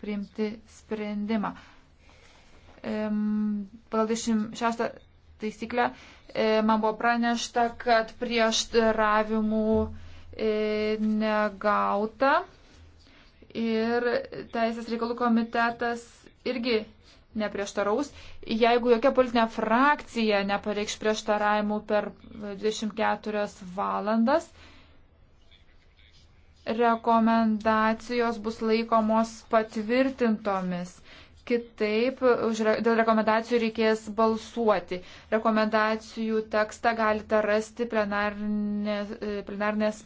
priimti sprendimą. Pagal 26 taisyklę e, man buvo pranešta, kad prieštaravimų e, negauta ir Teisės reikalų komitetas irgi neprieštaraus. Jeigu jokia politinė frakcija nepareikš prieštaravimų per 24 valandas, rekomendacijos bus laikomos patvirtintomis. Kitaip dėl rekomendacijų reikės balsuoti. Rekomendacijų tekstą galite rasti e, plenarnės, plenarnės